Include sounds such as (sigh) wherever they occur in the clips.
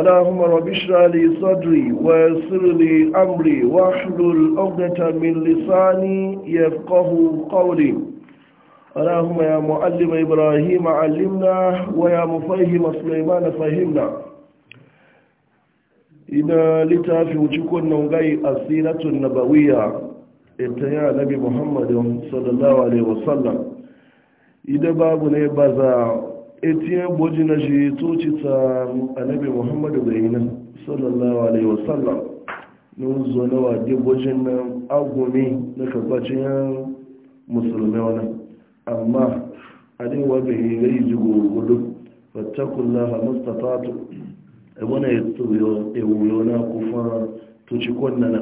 اللهم رب اشرح لي صدري ويسر لي امري واحلل عقدة من لساني يفقه قولي اللهم يا معلم ابراهيم علمنا ويا مفهم سليمان فهمنا ina littafi wuce kunnan gai asiratun nabawiya ita ya nabi muhammadin sallallahu alaihi wasallam ida babu ne etiye gboji na shi tuci anabi annabi muhammadu bayina sallallahu alaihi wasallam na zo na dị gboji na agumi na karbacin yan musulmi wani amma adewa bai gai ji gurgudu fattakullaha mustafatu ebona ya ewuyo na kufa tuci kwanna na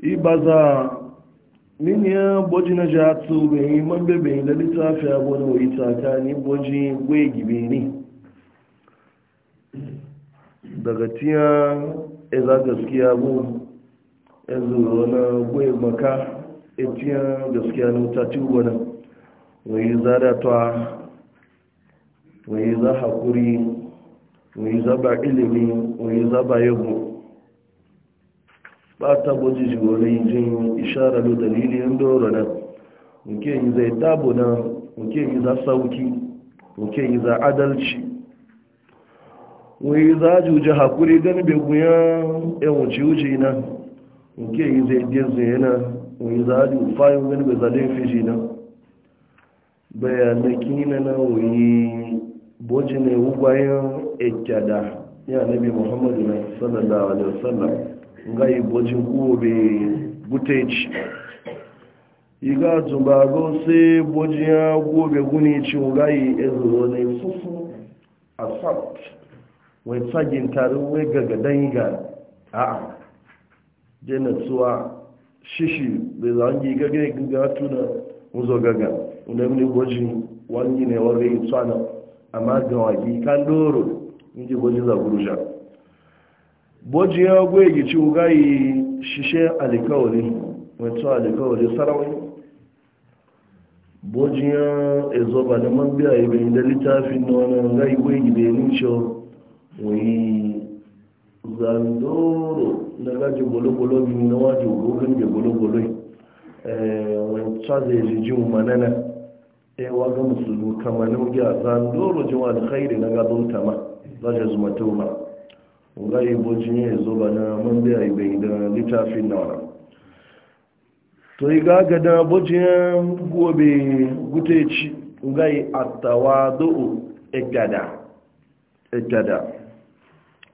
ibaza min ya boji na jatsu bai man bebe da littafi abu na wai ni boji gwai gibe ne daga tiya eza gaskiya bu yanzu na gwai maka etiya gaskiya na wuta tiwo na za zada ta wai za hakuri wai za ba ilimi wai za ba yabo bata gwaji shi wani jin ishara da dalili yan doro nan muke yi zai dabo nan nke yi za sauki nke yi za adalci wai za juje hakuri gani bai guyan yan wuce wuce na yi zai gezu yana wai za ju fayin gani bai zalin fiji na bayanaki na na wai boji ne wugwayen ekkada ya nabi muhammadu na sallallahu alaihi wasallam nga ibojin kuwobe guteci iga tumbago se bojiya gobe guni ci ugayi ezuro ne susu assault wai tsagin tarin gaga gagadan iga a'a jana tsuwa shishi da zangi gaga gaga tuna muzo gaga wanda mini gojin wani ne wani tsana amma ga kan doro inji gojin zagurusha boji ya gwe gici ugayi shishe alikawari wato alikawari sarawai boji ya ezo ba da man biya ibe da littafin na wani ugayi gwe gibe nicho wani zandoro na gaji bolo-bolo bi na waje ugogun da bolo-bolo wato da ya zandoro na zaje zuma ngai bojin ya zo bana man biya ibe da littafin nawa to yi ga da bojin gobe guteci ngai atawadu ekada ekada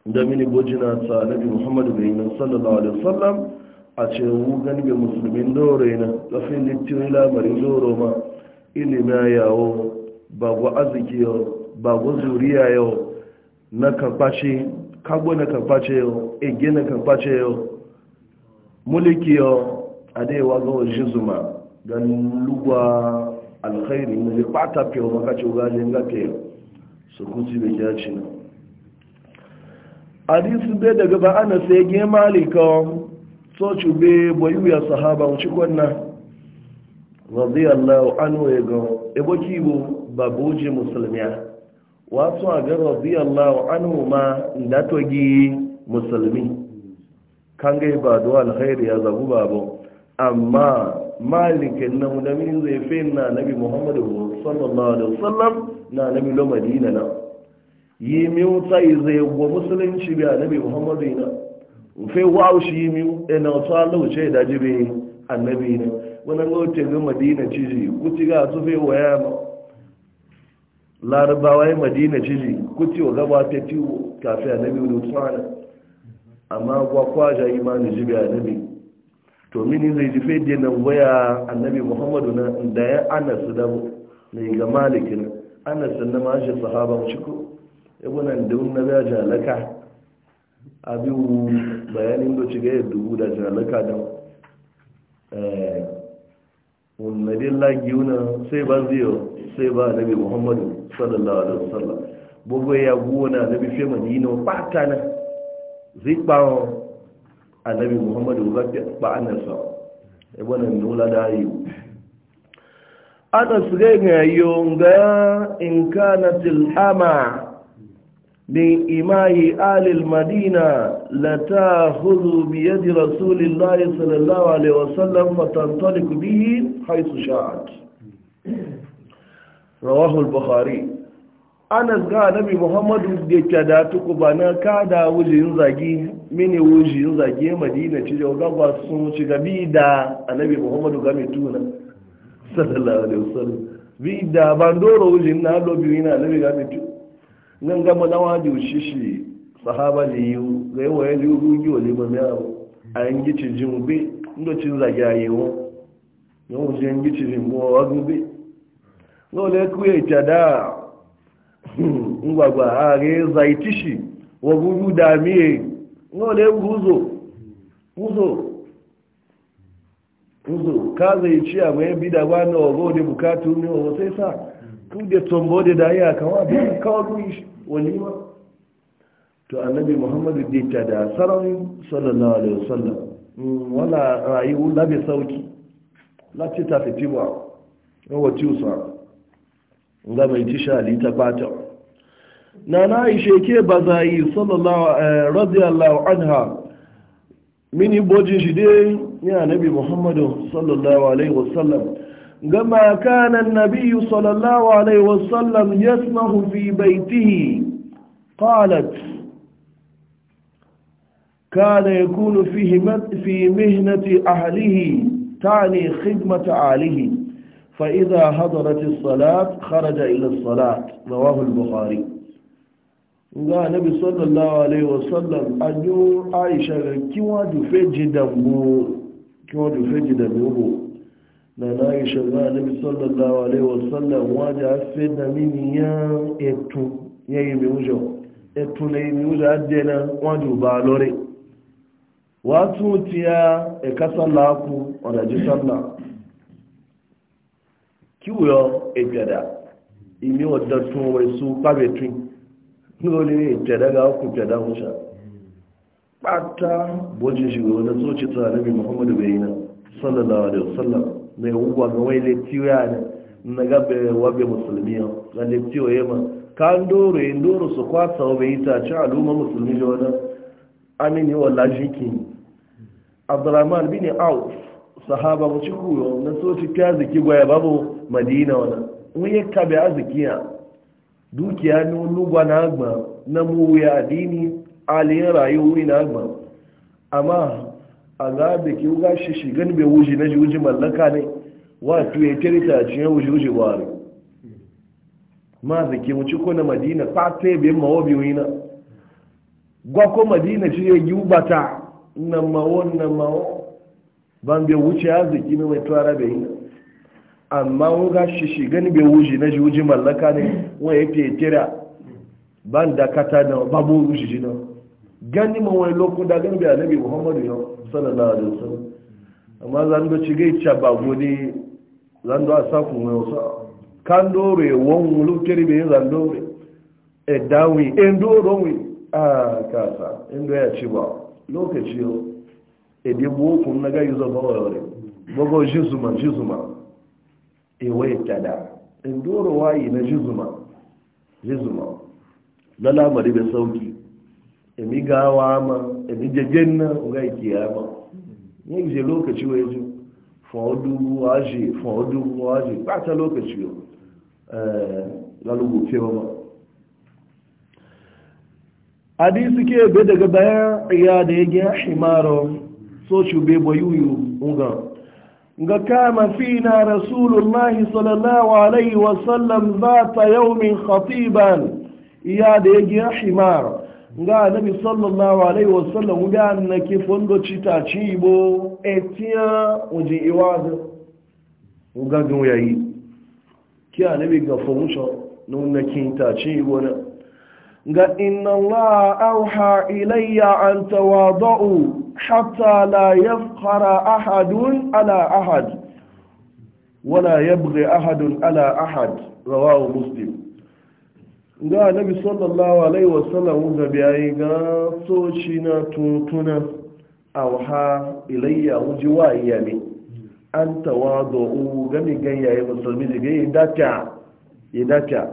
da mini na ta nabi muhammadu bin sallallahu alaihi wasallam a ce wugan ga musulmin dore na kafin littin lamarin doro ma ilimi yawo bagwa aziki arziki yau bagwa gwa zuriya yau na kafashe kagbo na kamface yau ege na kamface yau muliki yau a da yawa jizuma wajen zuma don lugwa alkhairi na zai kwata fiye wa makaci wajen gafe su kusi da kya na bai daga ba ana sai ge malika soci bai bayu ya sahaba wuce kwanna radiyallahu anhu ya ga ebo kibo babu je musulmiya wasu a ga radiyallahu anhu ma latogi musulmi kan gai ba da alkhairi ya zabu babu amma malikin nan da min zai fi na nabi muhammadu sallallahu alaihi wasallam na nabi lo madina na yi miu tsayi zai wa musulunci bi nabi muhammadu na fe wa shi yi miu ina e ta lauce da jibe annabi ne wannan ga otel madina ciji kuti ga su fe waya larabawa ya madina jiji kuti wa gaba ta tiwo kafin annabi wani tsara amma kwa kwaja imanin jibi annabi to mini zai ji fede nan waya annabi muhammadu na da ya anas da mai ga malikin anas na mashi sahaba ciko nan da wani na jalaka abin bayanin da ci ga yadda da jalaka don wannan lagi yuna sai ba ziyo sai ba nabi muhammadu sallallahu alaihi wasallam gbogbo ya gona nabi fe madina pata na zikpawo annabi muhammadu zafi ba annasa ya e wannan nula da yi ana su ga yayo ga in kana tilhama من إماء آل المدينة لتأخذ بيد رسول الله صلى الله عليه وسلم فتنطلق به حيث شاءت رواه البخاري anas ga nabi muhammadu da ke tuku ba na kada wujin zagi mini wujin zagi madina ci jau gaba sun ci gabi da annabi muhammadu game tuna sallallahu alaihi wasallam bi da bandoro wujin na lobi na annabi game nan gama lawa da shishi sahaba da yiwu ga yi waye liyu rugi wa liman yawo a yan gici jin bi inda zage a yiwu yan wuce gici jin gube ita da ngwagwa a re zaitishi wa guzo guzo guzo ka zai mai na da bukatu ne wa sa tuɗe tombo da daya kawa a kawo wani ba. to annabi muhammadu dinta da sarari sallallahu alaihi wasallam mm, wala rayu labe sauki lati ta fi tiwa yawa tiwusa ga mai tisha ta fata na na aisha ke bazayi sallallahu eh, radiyallahu anha mini bojin shi dai ni annabi muhammadu sallallahu alaihi wasallam كما كان النبي صلى الله عليه وسلم يسمع في بيته قالت كان يكون فيه في مهنة أهله تعني خدمة أهله فإذا حضرت الصلاة خرج إلى الصلاة رواه البخاري قال النبي صلى الله عليه وسلم أجو عائشة كيوا دفجي دمو كيوا دفجي دمو na na yi shirya na misallar dawa alai wasallam wajen hafi da mini ya etu ya yi miujo etu na yi miujo adiyana wajen ba lori wasu tiya e kasa laku ọdaji salla kiwuyo ejada imi wadda tun wai su kwabe tun lori ejada ga hukun jada wuce ɓata bojin shigo wadda tsoci ta nabi muhammadu bayyana sallallahu alaihi wasallam mai ugwa ga wai leptiyo ya ne na gabe wabe musulmi ga leptiyo ya ma ka ndoro ya ndoro su kwasa wa bai ci al'umma musulmi da wani amini wa lajiki abdurrahman bin auf sahaba mu ci kuyo na so ci ta ziki gwaya babu madina wani wani ya kabe arzikiya dukiya ni lugwa na agba na mu ya adini aliyan rayuwa na agba amma A da ke wuga shi shi gani bai wuji na ji wuji mallaka ne wa tuye tirita ci ya wuji wuji bari ma zake ke wuce ko na madina ta bai mawa bi wina gwa ko madina ci ya gubata na mawa, na mawo ban bai wuce zaki na mai tuwara bai yi amma wuga shi shi gani bai wuji na ji wuji mallaka ne wa ya fiye tira ban da kata na babu wuji na gani ma wani lokun da gani bai annabi muhammadu yau sallallahu alaihi wasallam amma zan do ci gai cha ba gode zan do asa ku mai wasa kan dore won mulu kiri bai zan dore e dawi en a kasa in do ya ci ba lokaci yau e bi bo ku na ga yuzo ba wore bogo jizuma jizuma e wai tada en doro wayi na jizuma jizuma lalamari bai sauki emi gawa ma emi jejen na nga ikiyama ne gije lokaci wa yaji fọdubu waje fọdubu waje bata lokaci yo lalubu fewa ma hadisi ke be daga bayan iya da ya gina himaro so shube boyuyu unga nga kama na rasulullah sallallahu alaihi wasallam zata yaumin khatiban iya da ya gina himaro ga annabi sallallahu alaihi wasallam ga annake fondo cita cibo etia oje iwado ga gan yayi ki annabi ga fomusho nun na kinta cibo na ga inna allah auha ilayya an tawadu hatta la yafkhara ahadun ala ahad wala yabghi ahadun ala ahad rawahu muslim ga annabi sallallahu alaihi wasallam ga biyayi ga soci na tuntuna awha ilayya wuji wa iyami an tawadu ga mi gayyaye musulmi diga yidata yidata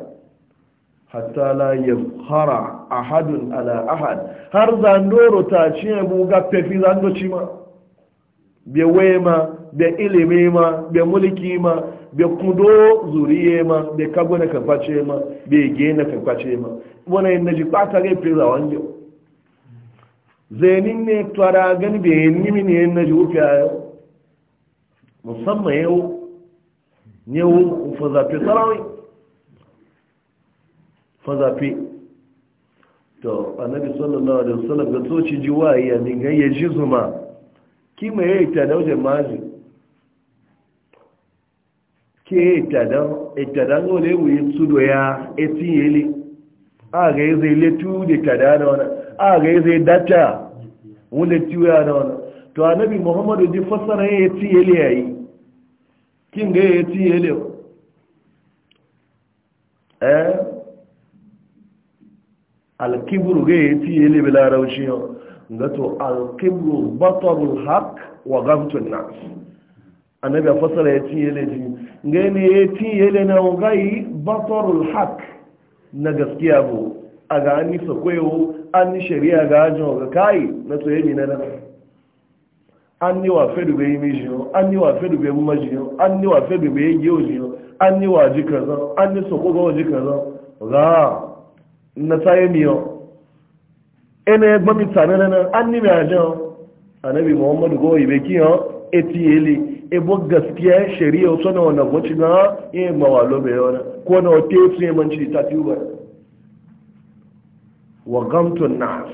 hatta la yafkhara ahadun ala ahad har zandoro ta ci mu ga pefi zando ci ma be wema be ilimi ma be mulki ma bai kudo zuriye ma bai kago na kamface ma bai ge na kamface ma wani yin naji ɓata rai fi zawon yau zainin ne tara gani bai yin nimi ne yin naji wufi a yau musamman yau zafi fazafe Fa zafi. to annabi sallallahu alaihi wasallam ga soci ji waye ya ninga ya ji zuma kima yayi ta dauje maji ke itadan ole wuyi tudo ya eti ele a ga eze letu da tada da wani a ga eze data wule tiwa da wani to anabi muhammadu ji fassara ya eti ele ya yi kin ga ya eti ele eh alkibru ga ya eti ele bila raushin ga to alkibru batarul haq wa gamtun nas annabi a fasara ya ci yele ji gani ya ci yele na gai batarul haq na gaskiya bu a ga an nisa kwayo an ni shari'a ga ajin ga kai na tsoye mi na nan an ni wa fedu bai yi mijiyo an ni wa fedu bai muma jiyo an ni wa fedu bai yi yau jiyo an ni wa ji kaza an ni soko ga ji kaza ga na tsaye miyo ene ya gbami tsanana nan an ni mai ajin annabi muhammadu goyi bai kiyan eti yele ebo gaskiya shari'a suna wanda wacce na yin mawalo mai yawa ko na wata yi tsaye manci ta fi ba wa gamtun na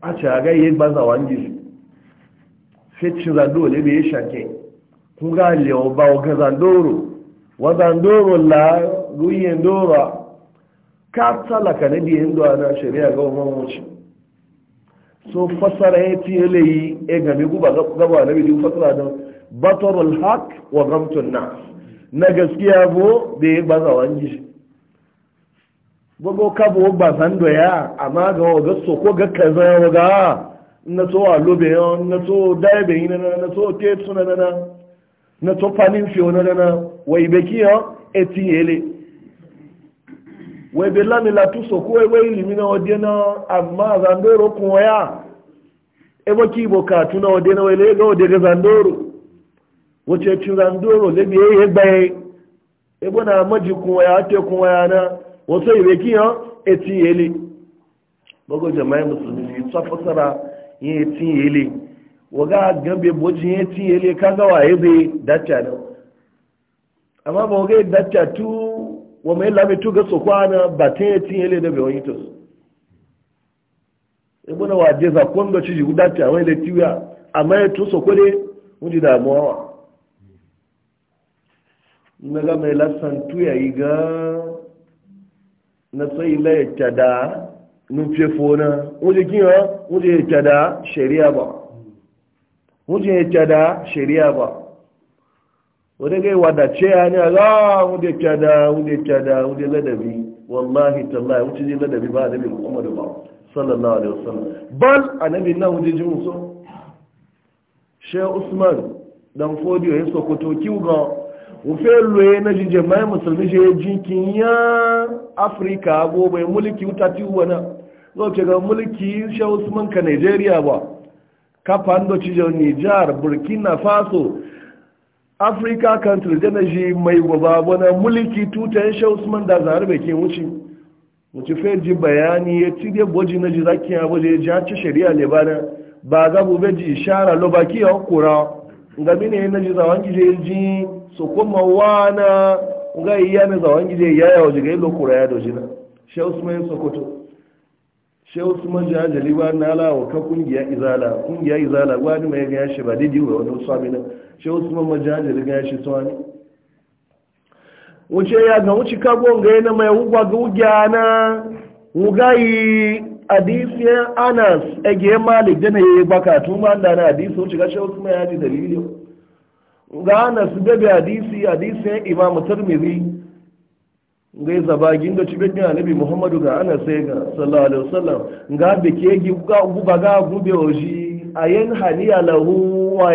a ce a gaiye ba za wa ngizi fecin ne bai yi shanke. kun ga lewa ba wa ga wa zandoro la ruyen dora ka talaka na biyan na shari'a ga wani wuce so fasara ya ci yalayi ya eh, ku ba gaba na bidiyo fasara don batarul haq wa gamtun na, na gaskiya bo da ya baza ji gbogbo kabo ba sando ya amma ga waga so ko ga kaza ya waga na so a lobe yon na so daibe yi na na so tetu na na na so panin fiyo na na na wa ibeki kiyan eh, eti ele wai bai lamila tu so ko wai ilimi na waje na amma zandoro e ba ki bo ka tuna waje na wai lega waje ga zandoro wace ci zandoro le bi ye gbaye e bona maji kun te na wato ibe ki han eti ele bogo jama'a musulmi su tafasara yin eti ele dacha wa mai lami tuga su kwana ba ta yi cin yale da bai tos ibu na waje za kwan da ciji guda ta wani da tiwa amma ya tuso kwade wuji damuwa wa na ga mai lasan tuya yi ga na sai la ya tada nufe fona wuji kiwa wuji ya tada shari'a ba wuji ya tada shari'a ba wani gai wadace ya ne a wunde kyada wunde kyada wunde ladabi wallahi tallahi wuce ji ladabi ba annabi muhammadu ba sallallahu alaihi wasallam bal annabi na wunde ji musu shehu usman dan fodiyo ya sokoto kiwuga wufe loye na jinje mai musulmi shi jinkin ya afirka gobe mulki wuta tiwuwa na zauce ga mulki shehu usman ka nigeria ba kafa ndo cijo nijar burkina faso africa country da ji mai gwaba na mulki tutan shi usman da zahar bai kin wuce wuce fayar ji bayani ya ci dai gwaji na ji zaki ya gwaji ya jaci shari'a ne ba na ba za mu bai ji shara lo baki ya kura ga mine na ji zawon gije ji su kuma wana ga iya na zawon gije ya yawo jiga ilo kura ya dojina shi usman sokoto shi usman jajali ba na lawa ka kungiya izala kungiya izala gwani mai ga shi ba didi wa wani usami na ce usman majaji riga ya shi tsawani wuce ya ga wuce kagon ga yana mai wugwa ga wugya na wugayi adisiyar anas ege malik da yi baka tuma da na adisi wuce ga shi usman ya da dalili ga anas bebe adisi adisiyar imamu tarmiri ngai zabagin da ci bekin annabi muhammadu ga ana sai ga sallallahu alaihi wasallam ga beke gi ga guba gube oji ayen haniya lahu wa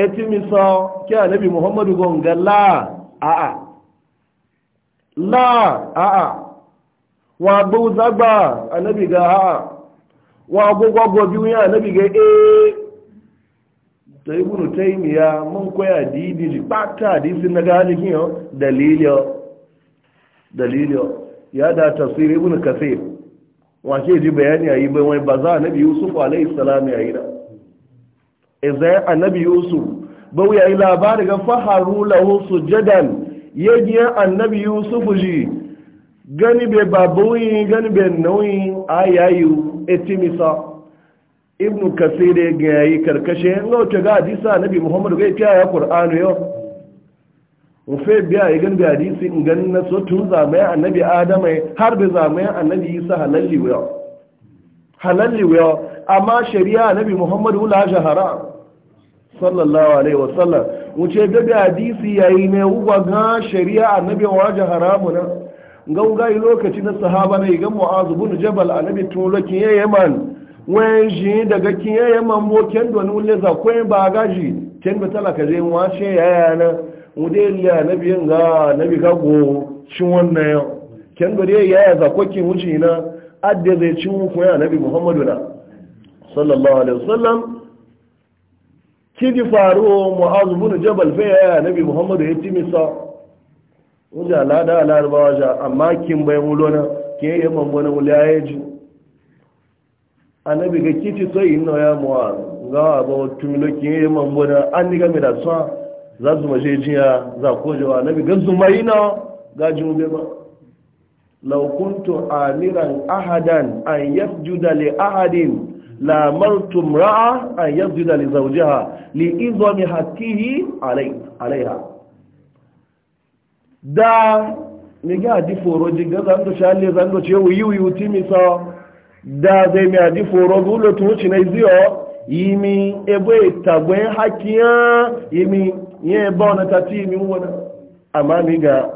eti miso ke anabi muhammadu gonga la a'a la a'a wa bu zagba anabi ga a'a wa gogwa gobi wuya anabi ga e to ibnu taymiya mun koya didi ji pata disi na gani kiyo dalilio dalilio ya da tasiri ibnu kasir wa ke ji bayani ayi ba wai baza anabi yusuf alayhi salam ya yi da izai annabi yusuf bau yayi labari ga faharu lahu sujadan yaji annabi yusuf ji gani be babuyi gani be nauyi ayayu etimisa ibn kasir ga yayi karkashe ngo ta ga hadisa annabi muhammad ga ta ya qur'anu yo ufe biya yi gani be hadisi in gani na so tun zamai annabi adamai har bi zamai annabi isa halalli wa halalli wa amma shari'a nabi muhammadu la shahara sallallahu alaihi wasallam wuce bebe hadisi yayi ne uwa ga shari'a annabi wa jahara mu na yi lokaci na sahaba ne ga mu'azu bin jabal annabi tun lokin ya yaman wen ji daga kin ya yaman bo ken don ulle za ko ba gaji ken ba talaka je mu ashe ya na ude ya annabi ga annabi ka go shi wannan ken dore yaya za ko kin wuce na adde zai ci ku ya annabi muhammadu na sallallahu alaihi wasallam kidi faruwa mu'azu bin jabal fa ya nabi muhammadu ya ci misa wuce alada alarba waje amma kin bayan wulona ke yi mambana wula ya ji nabi ga kiti sai ina ya mu'azu ga abu tumilo ke yi mambana an ni game da sa za su mace jiya za ko jawa nabi ga su mai na Ga gaji mu ba law kuntu amiran ahadan an yasjuda li ahadin lamartum ra'a an da li zawjiha li izami hakihi alaiha da me ga di foro ji ga zan do shale zan do wuyi-wuyi, yu timi so da zai mi adi foro gulo to ci na izio yimi ebo itagbe hakiya yimi ye bona tati mi wona amma mi ga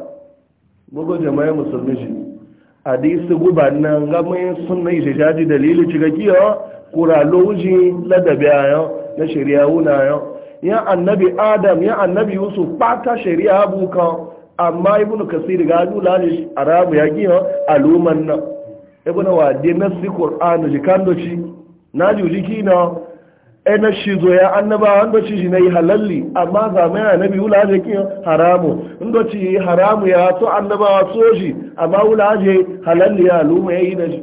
bugo jama'a musulmi shi hadisi guba nan ga mai sunna shi jadi dalili cigakiyo kura loji ladabi ayo na shari'a wuna ayo ya annabi adam ya annabi yusuf fata shari'a kan amma ibn kasir ga ju lali arabu ya gina aluman na ibn wadi si qur'an ji kando ci na juji na e na zo ya annaba an do ci ne halalli amma za mai annabi wula ji ki haramu in do ci haramu ya to annaba so shi amma wula ji halalli ya aluma da shi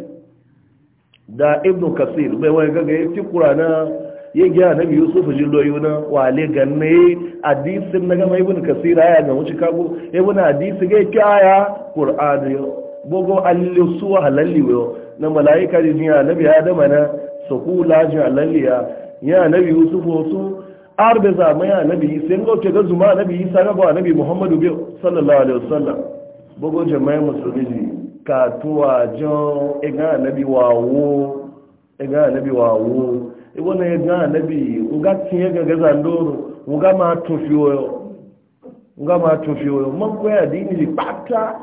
da ibn kasir bai wani gaga ya ci kurana ya gina na biyu su fi jilloyi na wale ganne hadisin na gama ibn kasir aya ga wuce kago ibn hadisi ga ki aya qur'an yo bogo alli su halalli yo na malaika ji ya nabi adama na sukula ji halalli ya ya nabi yusuf wasu. arbe za mai nabi sai ga ce ga zuma nabi isa ga ba muhammadu bi sallallahu alaihi wasallam bogo jama'a musulmi katuwa jan ega anabi wawo ega anabi wawo ibo na ega anabi nga tinye gaga zandoro nga ma tufi oyo nga ma tufi oyo man ko ya dini li pata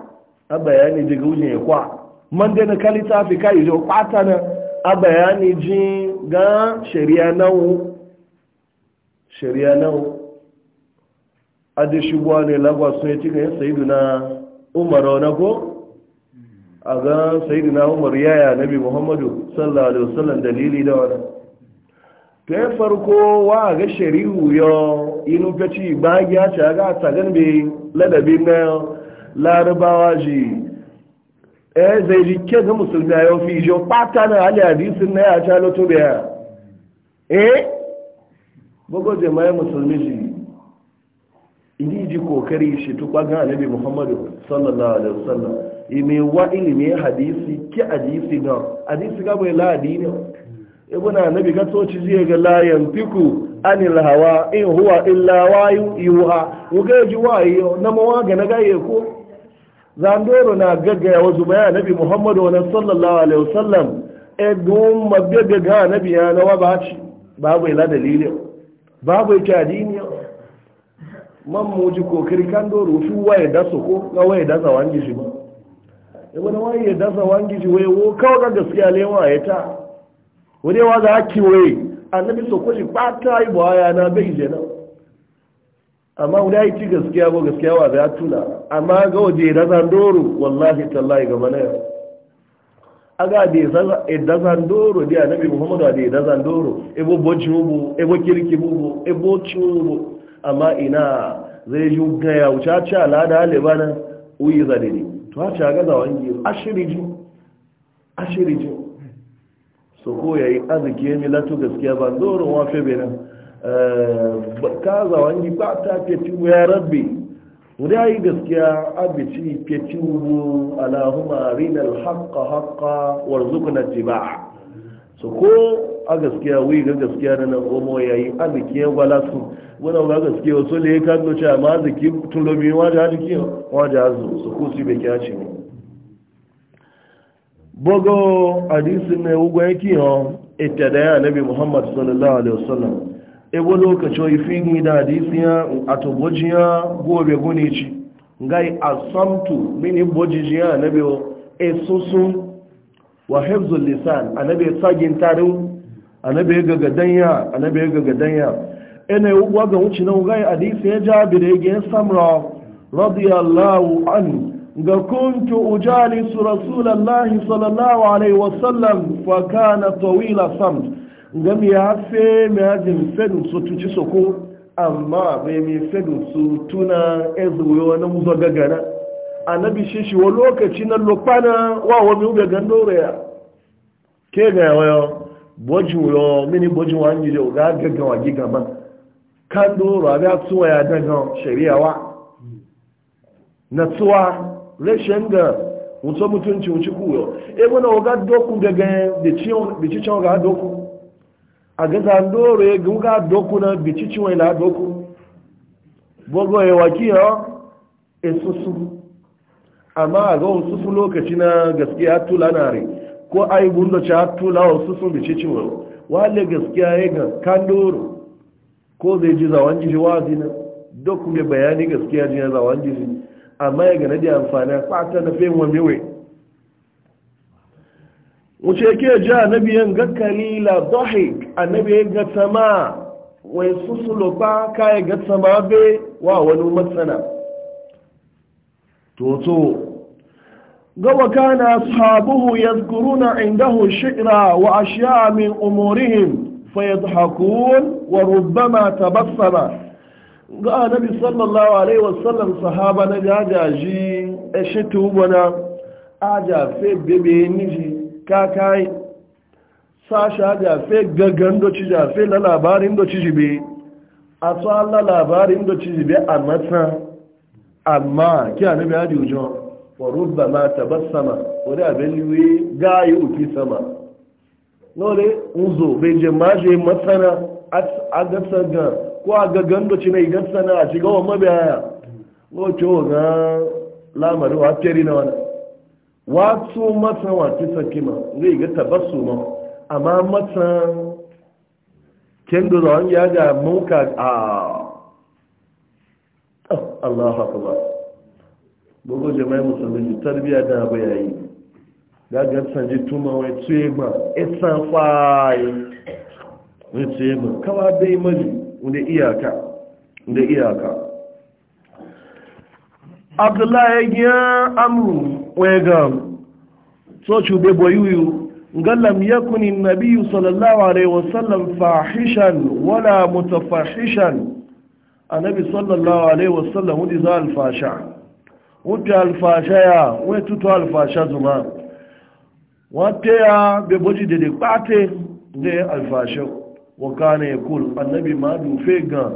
abayani diga ujin kwa man de na kalita fi kai jo pata na abayani jin ga sharia nawo sharia nawo adi shugwa ne lagwa sun yi cikin sayiduna umar ko a ga sayidina umar yaya nabi muhammadu sallallahu alaihi wasallam dalili da wani ta farko wa ga shari'u yo inu ta ci bagiya ce ga ta gan be ladabi na larabawa ji eh zai ji ke ga musulmi ayo fi jo pata na ali hadisin na ya ta loto biya eh bugo mai musulmi ji idi ji kokari shi tukwa ga anabi muhammadu sallallahu alaihi wasallam ime wa ilimi hadisi ki hadisi na hadisi ga bai ladi ne ibn annabi ga toci zai ga layan fiku anil hawa in huwa illa wayu yuha uga ji wayo na mawa ga na gaye ko zandoro na gaggaya zuba bayan nabi muhammadu wa sallallahu alaihi wasallam e dun mabbe ga nabi ya na wabaci babu ila dalili babu ki dini. man muji kokiri kan doro su waye da su ko ga waye da zawangi shi ba ya wani wani ya dasa wangiji wai kawo ga gaskiya lewa ya ta wani yawa za a wai annabi so kwashi ɓata yi ba ya na bai je nan amma wani ya ci gaskiya ko gaskiya wa za tuna amma ga waje dasa doro wallahi tallahi ga mana yau aga da zandoro da annabi muhammadu da doro ebo bocin ubu ebo kirki ubu ebo cin amma ina zai yi gaya wuce a ci alada halibana uyi zane ne to a shaga zawon giyo ashiriju ashiriju so ko ya yi arziki ya latu gaskiya ba doron wafe benin eh, ka za gi ba ta feti ya rabbi wadda yi gaskiya abici feti wubu alahuma rinal haƙa haƙa warzuku na jiba'a so ko a gaskiya wuyi ga gaskiya na nan omo ya yi a zaki ya gwala su wani ga gaskiya wasu ne ya kando cewa amma a zaki tulomi wajen hajji wajen azu su kusi bai kya ce ne bogo hadisin ne ugwa yake hon ita da ya nabi muhammad sallallahu alaihi wasallam ebo lokaci oyi fini da hadisin ya a tobojiya gobe guni ci ngai asamtu mini bojijiya nabi o e, esusun wa hebzul lisan anabi sagin tarin annabi ya ga gadanya, annabi ya gaga danya ene wa ga wuce nan ga hadisi ya da ya ga samra radiyallahu an ga kuntu ujalisu rasulullah sallallahu alaihi wasallam fa kana tawila samt ga mi ya fe mi ajin fedu so tuci soko amma bai mi fedu su tuna ezuwe wani muzo gagara annabi shi shi wa lokaci na lokpana wa wa mi ube gandore ya ke ga yawa bojin yo mini bojin wa de o ga gaga wa giga ban ka do ro ga tsuwa ya daga shari'a wa na tsuwa reshen ga mutum mutunci wuci kuyo e o ga doku gaga da ciwon da cicin ga doku a ga zan do re ga doku na bi cicin wa ila doku bogo ya e wakiyo e susu amma a ga susu lokaci na gaskiya tulanare ko ai gundo cha tula wasu sun bici ciwo wale gaskiya ya ga kandoro ko zai ji zawan jiri wazi na duk mai bayani gaskiya ji na zawan jiri amma ya ga da amfani a kwata na fiye wa mewe wuce ke ji annabi yan ga kalila dhahik annabi ya ga sama wai susulo ba ka ya ga sama be wa wani matsana to to ga wakana ashabuhu yadhkuruna indahu shi'ra wa ashya'a min umurihim fayadhhakun wa rubbama tabassama ga annabi sallallahu alaihi wa sallam sahaba na gagaji e shitubona aja fe bebe niji kakai sasha aja fe gagando chija fe la labarin do chijibe aso la labarin do chijibe amma amma ki annabi aji faruba ma tabassama wani abin gaa ya uki sama nore uzo bai je maje matsana a gasa ga ko a ga gando ci na igasa na a shiga wa mabiyaya ko cewa ga lamarin wa fere na wani wato matsan wa kisa kima ga iga tabassu ma amma matsan kendo da wani ya ga muka a ah. ah, Allah haka gbogbo jama'i musulmi ji tarbiya da abu yayi gagar sanji tuma wai tsuye ma isan e fayi wai tsuye ma kawa dai, mali wanda iyaka wanda iyaka abdullahi ya amru wai ga soci bai boyuyu galam yakunin nabiyu sallallahu alaihi wasallam fahishan wala mutafahishan annabi sallallahu alaihi wasallam wani za alfasha wuce alfasha ya wani tutu alfasha zuma wata ya beboji da da kpate da ya alfasha waka ya kul annabi ma dufe ga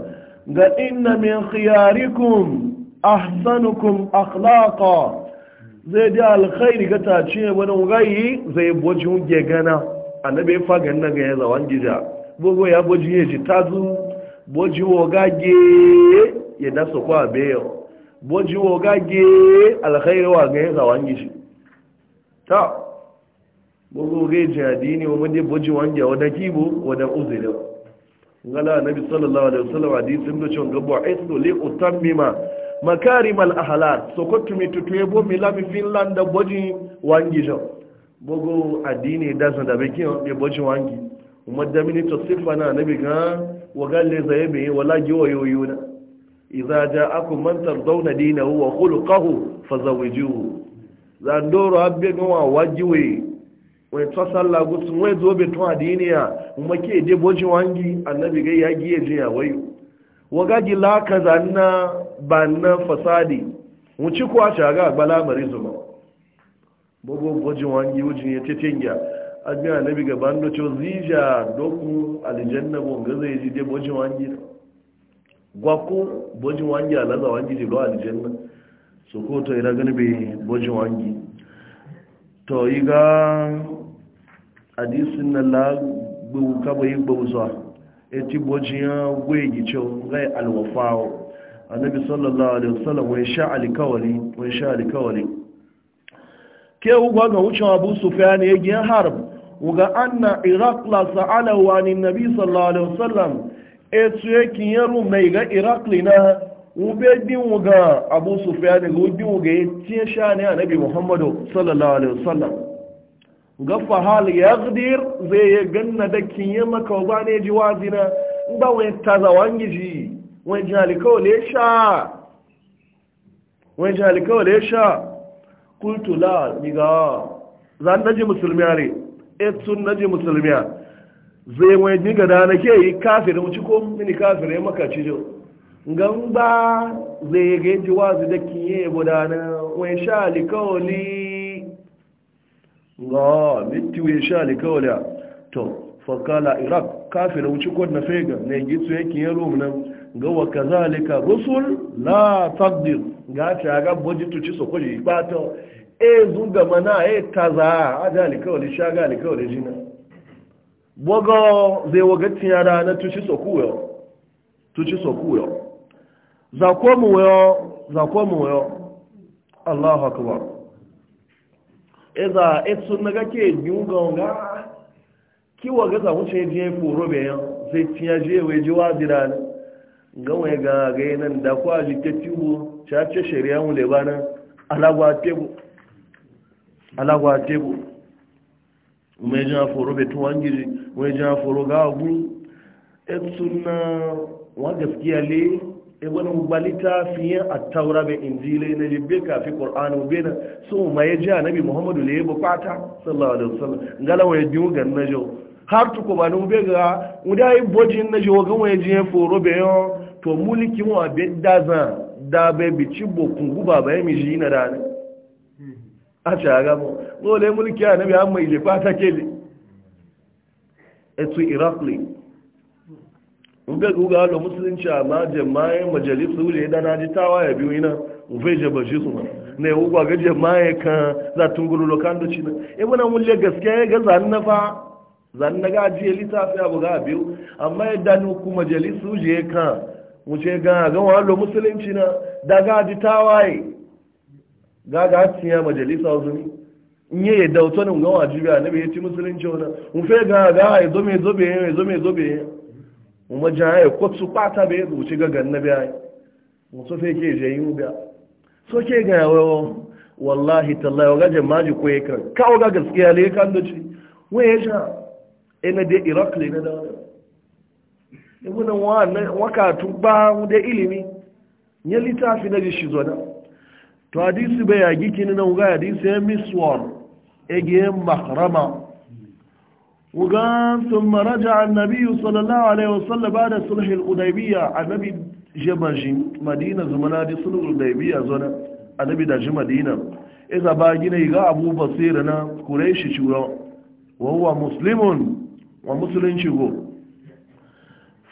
ga inna min khiyarikum ahsanukum akhlaqa zai da alkhairi ga ta ce wani gayi zai boji wuge gana annabi ya faga nan ga ya zawan gida gogo ya boji ya ji tazu boji wogage ya dasa kwa beyo boji wo gage alkhairu wa ga zawan gishi ta bugu ge jadini wa mun de boji wange wa da kibo wa da uzuri ngala nabi sallallahu alaihi wasallam hadisin da cewa gabo aisu li utammima makarim al ahlar so ko tumi tutuye bo mi lami finland da boji wangi jo Bugu adini da san da bekin be boji wangi umma da mini to sifana nabi ga wa galle zaye wala giwa yoyuna idza ja'akum man tardawna dinahu wa khuluquhu fazawijuhu zandoro abbe no wajiwe wani tsasalla gutsun wai zo be tun adiniya mu ke de boji wangi annabi ga ya giye je ya wayo wagaji la kaza na fasadi mu ci ko kuwa ga gbala mari zuma bogo boji wangi wujin ya tetinga abin annabi ga bando cho zija doku aljanna bon ga zai de boji wangi Gwakko, bojin wangi a laza wangi jilo aljanna su koto to ira gani bai bojin wangi to yi ga adisun na lagbu kaba yi gbauza eti bojin ya gwegi cewa gai alwafawo annabi sallallahu alaihi wasallam wani sha alikawali wani sha alikawali ke ugwa ga wucin abu ne ya gina harb uga anna iraqla sa'ala wa ni nabi sallallahu alaihi wasallam etu yake yaru mai ga irakli na ube dinwu ga abu sufiyani ga udinwu ga ya e tiye sha ne a nabi muhammadu sallallahu alaihi wasallam ga fahal ya gdir zai yi ganna da kinye maka ba ne ji na ba wani taza wangi ji wani jalikawar ya sha wani jalikawar ya sha kultula diga zan daji musulmi ne etun daji musulmi zai mai dinga da na ke yi kafirin wuce ko mini kafirin ya maka cijin gan ba zai ga ji wazi da kiye gudana wai sha alikawali ga mitti wai sha alikawali to fakala iraq kafirin wuce ko na fega na yi gitsu ya kiye rom nan ga wa kazalika rusul la taqdir ga ta ga bojitu ci sokoji ba ta e zunga mana e kaza aja alikawali sha ga alikawali jina waga zai waga tiyara na tuci sokuyo tuci sokuyo za komu yo za komu yo Allahu akbar eza etsun naga ke nyunga nga ki waga za mu ce je furo be yan zai tiya je we ji wadira ga we ga ga nan da kwa ji ke tiwo cha ce shari'a mu le bana alagwa tebu alagwa tebu mai jina foro bai tuwan giri mai a foro ga a agun suna wa gaskiya le e wani gbalita fiye a taura bai injile na jibbe kafi ƙor'ani bai na so ma ya ji anabi muhammadu le ya bukwata sallallahu alaihi wasallam galawa ya biyu gan na jau har tuko ba nun bai ga wuda yi bojin na jau gan wani jiyan foro bai yawon to mulki wa bai daza da bai bici bokun guba bai miji na da ne hmm. a ci a gaba dole mulki a nabi an mai lifa ta kele etu irakli ga guga da musulunci a majin mayan majalisu ne da na ji tawa ya biyu ina ufe jaba shi su ma na yi ugwa gajiyar mayan kan za tun guru da ci na ibi e, na mulle gaskiya ya ga zan na fa zan na ga jiya littafi abu ga biyu amma ya dani ku majalisu je kan wuce ga ga walo musulunci na daga ji tawaye ga ga ciya majalisa wuzuni nye ya dauta nan gawa jibiya na bai ci musulunci wani mun fe ga ga ya zo mai zobe ya zo mai zobe ya mun maja ya ko su kwata bai zuci ga ganna biya mun so fe ke je yin biya so ke ga yawo wallahi tallahi ga Maji ko kan. kawo ga gaskiya le kan da ci ya sha ina e da iraq le na da ibn e wa wakatu ba da ilimi ya littafi na shi zo na to hadisi bai yagi kini na ga hadisi ya miss اجيم محرما وقام ثم رجع النبي صلى الله عليه وسلم بعد صلح الأدايبية النبي جمجين مدينة زمنا دي صلح الأدايبية زونا النبي دا مدينة إذا باقينا يقع أبو بصيرنا كريشي شورا وهو مسلم ومسلم شغو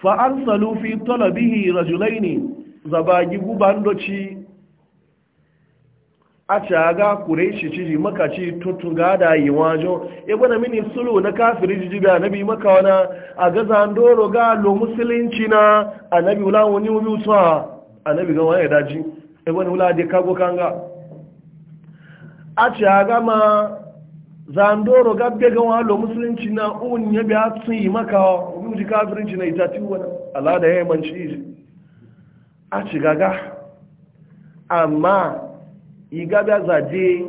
فأرسلوا في طلبه رجلين زباقي بباندو a caga kureshi ciji ci tuntun gada yi wajo ibana e mini sulu na kafiri jiji bi nabi maka wana a gaza ndoro ga lo musulunci na a nabi wula wani wani a nabi ga wani daji ibana e wula de kago kanga a caga ma zandoro ga bega wani lo musulunci na un ya bi atun yi maka wani kafirin kafirinci na itati wani da ya yi manci a ci gaga amma igaga zaje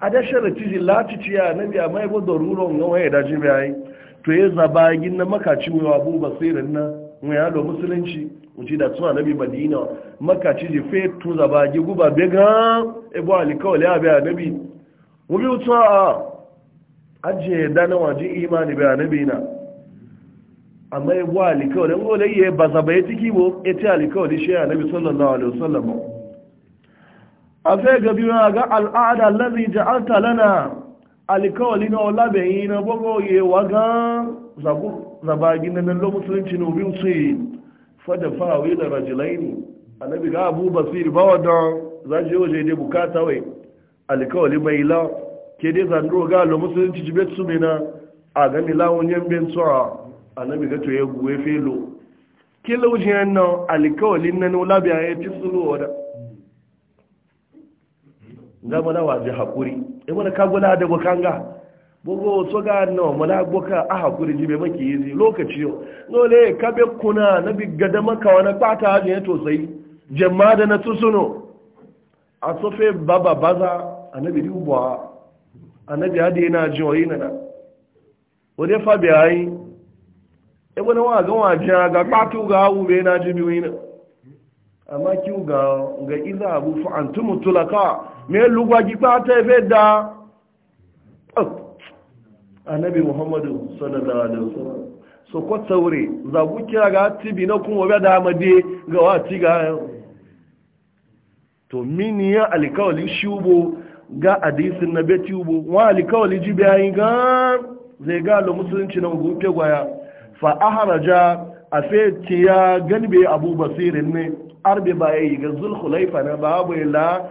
a da sharati ji latici ya nabi a mai gudu ruron ga waye da jibi ai to ya zaba gin na makaci wa abu basirin na mu ya do musulunci uci da tsuwa nabi madina makaci ji fe tu zaba gi guba bega ebo alikawli abi nabi mu bi tsuwa ajiye da na waje imani bi nabi na amma ebo alikawli ngole ye bazaba yetiki bo eti alikawli shi ya nabi sallallahu alaihi wasallam a fai gabi ma ga al'ada lazi ja'alta lana alikawali na olabeyi na bagoye wa ga zabagi na nan musulunci na obin su yi fada farawai da rajilai ne annabi ga abu basir bawa don za shi yau dai bukata wai alikawali mai la ke dai zandro ga lo musulunci jibet su mena a ga milawon yan ben a annabi ga to ya guwe felo ke laujiyar nan alikawali nan olabeyi ya ci sulu wadda gama na waje haƙuri e eh, wani kagula da bukanga bugu wasu ga no mana buka a haƙuri jibe maki yi zi lokaci yau nole kabe kuna na bigada maka wani kwata hajji ya tosai jemma da na tusuno a sofe baba baza a eh, na bi dubuwa a na bi hadi yana jin wayi na wani fabi a yi e wani wa ga wajen ga kwatu ga awu bai na jibi wani na amma ki ga nga iza abu fa antum tulaka me lugwa gi pa ta fe da oh. annabi muhammadu sallallahu alaihi wasallam so ko taure za ku kira ga tibi na kun wabe da amade ga wa ti ga to mini ya alkawli shubo ga hadisin na betubo wa alkawli jibi ayi ga zai ga lo musulunci na gupe gwaya fa ahraja a feci ya galbe abu basirin ne arbe ba ya yi ga zulhulaifa na babu la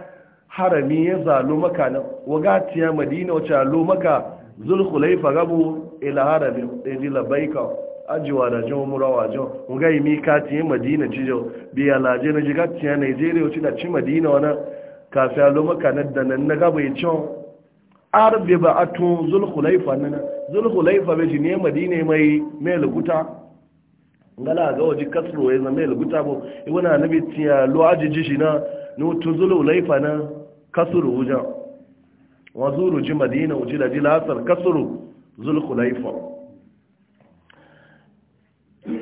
harami ya zalo maka na wagatiya madina wacce alo maka zulhulaifa gabu ila harami ɗaji labaika ajiwa da jan murawa jan ga yi mika tiye madina cijo biya laje na jiga tiya nigeria wacce da ci madina wani kafin alo maka na da nan na gaba ya can arbe ba a tun zulhulaifa na zulhulaifa bai shi ne madina mai mai lukuta ngala ga waje kasro ya zama ilguta bo ibn na tiya lo ajiji shi na no tuzulu laifa na kasru wuja wa zuru ji madina wuji da jila asar kasru zul khulaifa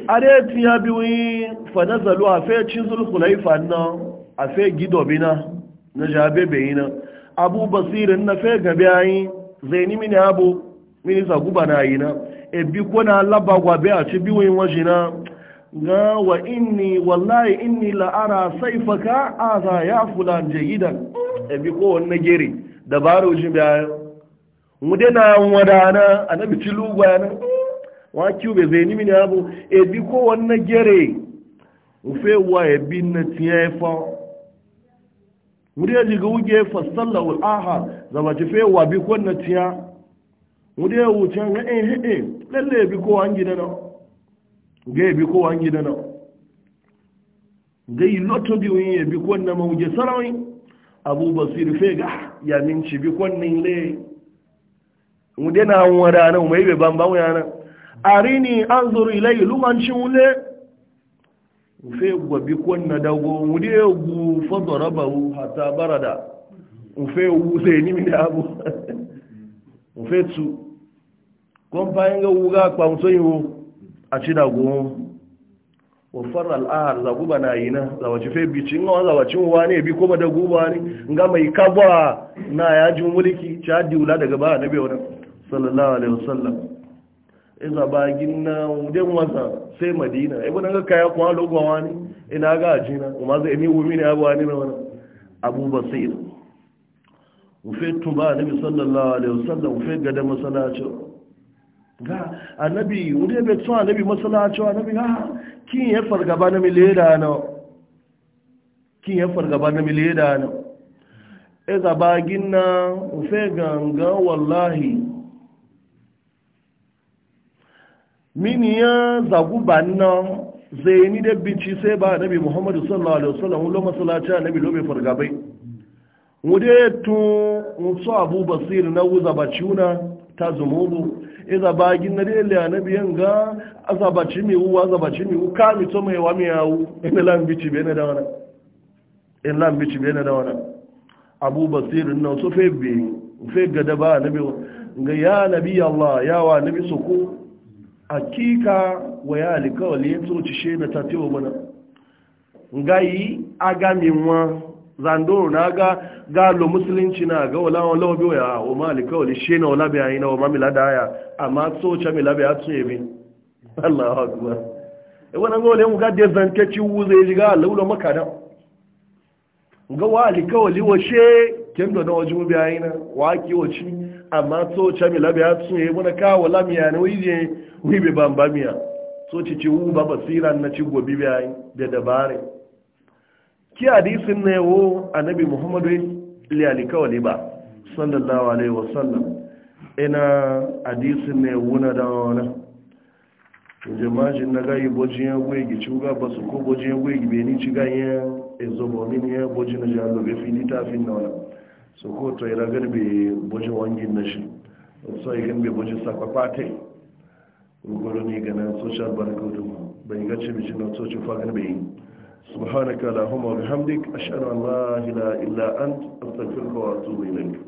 are tiya biwi fa nazalu a fe cin zul khulaifa na a fe gido bina na jabe na abu basirin na fe gabe ayi zaini mini abu mini zaguba na ayina ebi ko na e labagwa be a ci biyu biwin na. ga wa inni wallahi inni la'ara saifaka aza ya fulan jayidan ebi ko wanne gere dabaru jin biya mu de na wadana anabi tilu gwana wa kiu be ni mini abu ebi ko wanne gere ufe wa ebi na tiye fa mu de ji ga wuge fa sallahu al'aha zama ti fe wa bi ko na tiya mu de wuce ga eh eh, eh lalle bi ko an gidana ga bi ko wangi da nan gai yi loto bi wani ya bi kwanna mauje sarawai abu basir fega ya minci bi kwannin le mu dena wara nan mai be bamba wani arini anzuru ilai lumancin wule ufe gwa bi kwanna dago mu de gu fadara ba hata barada ufe wu sai ni mi da abu ufe tu kon bayan ga wuga kwamso wo. a ci gomo. wafar al'ahar za guba na yi na zawaci febici in gawa zawacin wa ne bi kuma da guba ne ga mai kabuwa na yajin mulki ci haddi wula daga ba na bewa sallallahu alaihi wasallam iza ba gina wajen wasa sai madina ibi na ga kaya kuma logawa ne ina ga ajina kuma zai ni wumi ne abuwa ne na wani abubasir ufe tuba bi sallallahu alaihi wasallam ufe gada masalacin ga annabi wuri bai tun annabi masalacin annabi ha kin ya fargaba na miliyada na kin ya fargaba na miliyada na e gaba gina ufe ganga wallahi mini ya zaguba na zai ni da bici sai ba annabi muhammadu sallallahu alaihi wasallam wula masalacin annabi lobe fargabai wuri tun so abu basir na wuza baciuna ta zumubu iza bagin na rele anabi yanga azabaci mi wu azabaci mi wu ka to mai wa mi ina lambici bici bene da wana da wana abu basir na so fe bi fe gada ba anabi ga ya nabi allah ya wa nabi suku akika wa ya alika ya to ci she na tatewa mana ngai agami wa zandoro na ga galo musulunci na ga wala wala obi ya o ma alika wali she na wala bi ayina o ma mi lada ya amma so cha mi labe atu ebi (laughs) Allahu akbar e wannan gole mu ga dezante ci wuze ji ga laulo maka da ga wa alika wali wo she kem do na waji mu bi ayina wa ki wo ci amma so cha mi labe atu e bona ka wala mi ya ne wi je wi be bamba ya so ci ci wu ba basira na ci gobi bi ayin da dabare ki hadisin ne wo annabi muhammadu liyalikawali ba sallallahu alaihi wasallam ina hadisin ne wuna da wani jama'ajin na gayi bojin ya gi ci ba su ko bojin ya gi beni ciga ya ezobo Bomin ya bojin na jihar bai fili ta fin na wani su ko ta yi ragar bai bojin wangin na shi so yi gan bai bojin sakwafa ta yi gwargwaro ne gana social barcode bai gace bishin na tsoci fagen bai yi subhanaka allahumma wa bihamdik ashhadu an la ilaha illa ant astaghfiruka wa atubu ilayk